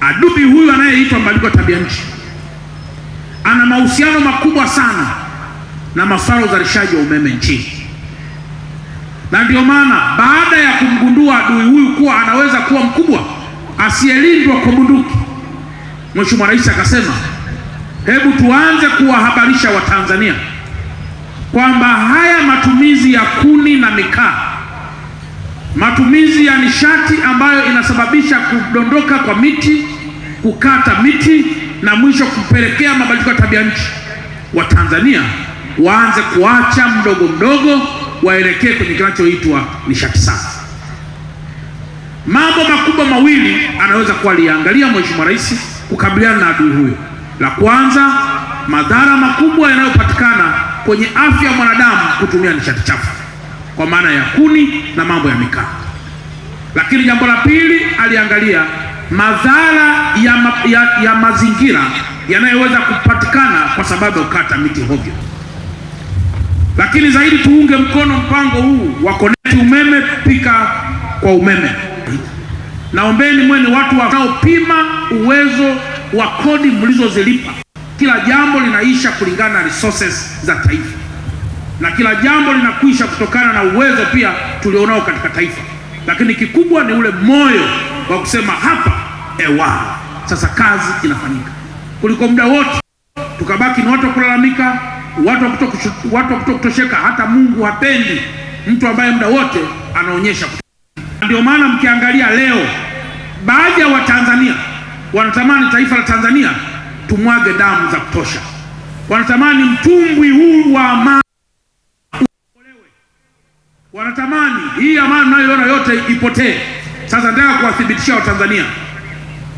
Adubi huyu anayeitwa mabadiliko ya tabia nchi ana mahusiano makubwa sana na masuala uzalishaji wa umeme nchini, na ndio maana baada ya kumgundua adui huyu kuwa anaweza kuwa mkubwa asiyelindwa kwa bunduki, Mheshimiwa Rais akasema hebu tuanze kuwahabarisha Watanzania kwamba haya matumizi ya kuni na mikaa matumizi ya nishati ambayo inasababisha kudondoka kwa miti, kukata miti na mwisho kupelekea mabadiliko ya tabia nchi. Watanzania waanze kuacha mdogo mdogo, waelekee kwenye kinachoitwa nishati safi. Mambo makubwa mawili anaweza kuwa aliangalia Mheshimiwa Rais kukabiliana na adui huyo. La kwanza, madhara makubwa yanayopatikana kwenye afya ya mwanadamu kutumia nishati chafu kwa maana ya kuni na mambo ya mikaa. Lakini jambo la pili aliangalia madhara ya, ma, ya, ya mazingira yanayoweza kupatikana kwa sababu ya kukata miti hovyo. Lakini zaidi tuunge mkono mpango huu wa koneti Umeme Pika kwa Umeme. Naombeni mweni watu wanaopima uwezo wa kodi mlizozilipa. Kila jambo linaisha kulingana na resources za taifa na kila jambo linakwisha kutokana na uwezo pia tulionao katika taifa, lakini kikubwa ni ule moyo wa kusema hapa ewa, sasa kazi inafanyika, kuliko muda wote tukabaki ni watu wa kulalamika, watu wa kutokutosheka. Hata Mungu hapendi mtu ambaye muda wote anaonyesha. Ndio maana mkiangalia leo baadhi ya Watanzania wanatamani taifa la Tanzania tumwage damu za kutosha, wanatamani mtumbwi huu wa amani hii amani mnayoiona yote ipotee. Sasa nataka kuwathibitisha Watanzania,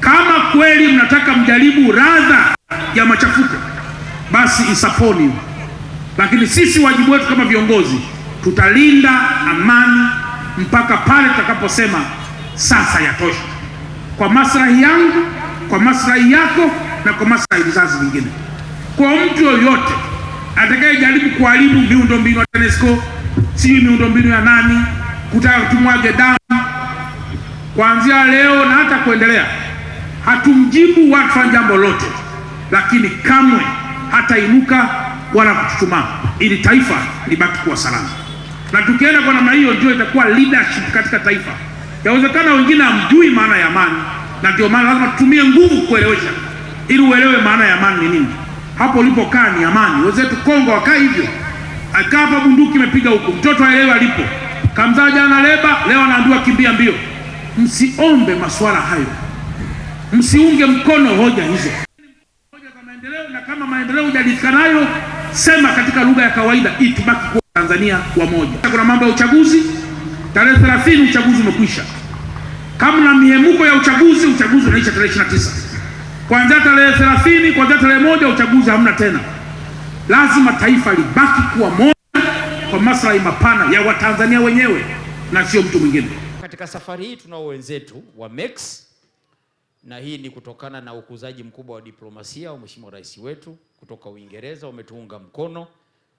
kama kweli mnataka mjaribu radha ya machafuko, basi Isaponi. Lakini sisi wajibu wetu kama viongozi, tutalinda amani mpaka pale tutakaposema sasa yatosha, kwa maslahi yangu, kwa maslahi yako na kwa maslahi vizazi vingine. Kwa mtu yoyote atakayejaribu kuharibu miundombinu ya TANESCO, si miundombinu ya nani kutaka tumwage damu kuanzia leo na hata kuendelea. Hatumjibu watu fanya jambo lote, lakini kamwe hata inuka wala kuchuchumaa, ili taifa libaki kuwa salama. Na tukienda kwa namna hiyo, ndio itakuwa leadership katika taifa. Yawezekana wengine hamjui maana ya amani, na ndio maana lazima tutumie nguvu kuelewesha, ili uelewe maana ya amani ni nini. Hapo ulipokaa ni amani. Wenzetu Kongo wakaa hivyo, akaa hapa, bunduki imepiga huko, mtoto aelewe alipo Kamzaa jana leba, leo anaambiwa kimbia mbio. Msiombe masuala hayo, msiunge mkono hoja hizo za maendeleo, na kama maendeleo hujaridhika nayo, sema katika lugha ya kawaida itibaki kuwa Tanzania wamoja. Kuna mambo ya uchaguzi, tarehe 30 uchaguzi umekwisha. Kama na miemuko ya uchaguzi, uchaguzi unaisha tarehe 29. Kuanzia tarehe 30, kuanzia tarehe moja, uchaguzi hamna tena. Lazima taifa libaki kuwa moja kwa maslahi mapana ya Watanzania wenyewe na sio mtu mwingine. Katika safari hii tunao wenzetu wa MEX na hii ni kutokana na ukuzaji mkubwa wa diplomasia wa Mheshimiwa Rais wetu kutoka Uingereza. Wametuunga mkono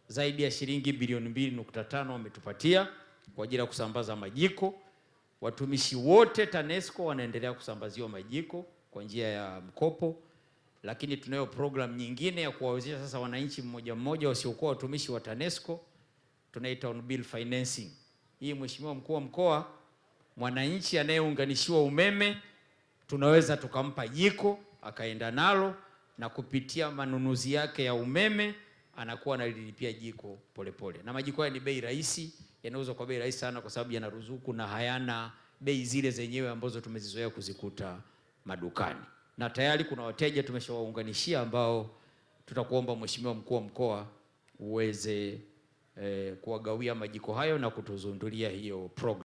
zaidi ya shilingi bilioni 2.5 wametupatia kwa ajili ya kusambaza majiko. Watumishi wote TANESCO wanaendelea kusambaziwa majiko kwa njia ya mkopo, lakini tunayo programu nyingine ya kuwawezesha sasa wananchi mmoja mmoja wasiokuwa watumishi wa TANESCO tunaita on bill financing. Hii mheshimiwa mkuu wa mkoa, mwananchi anayeunganishiwa umeme tunaweza tukampa jiko akaenda nalo na kupitia manunuzi yake ya umeme anakuwa analilipia jiko polepole pole. Na majiko haya ni bei rahisi, yanauzwa kwa bei rahisi sana kwa sababu yana ruzuku na hayana bei zile zenyewe ambazo tumezizoea kuzikuta madukani, na tayari kuna wateja tumeshawaunganishia ambao tutakuomba mheshimiwa mkuu wa mkoa uweze eh, kuwagawia majiko hayo na kutuzundulia hiyo program.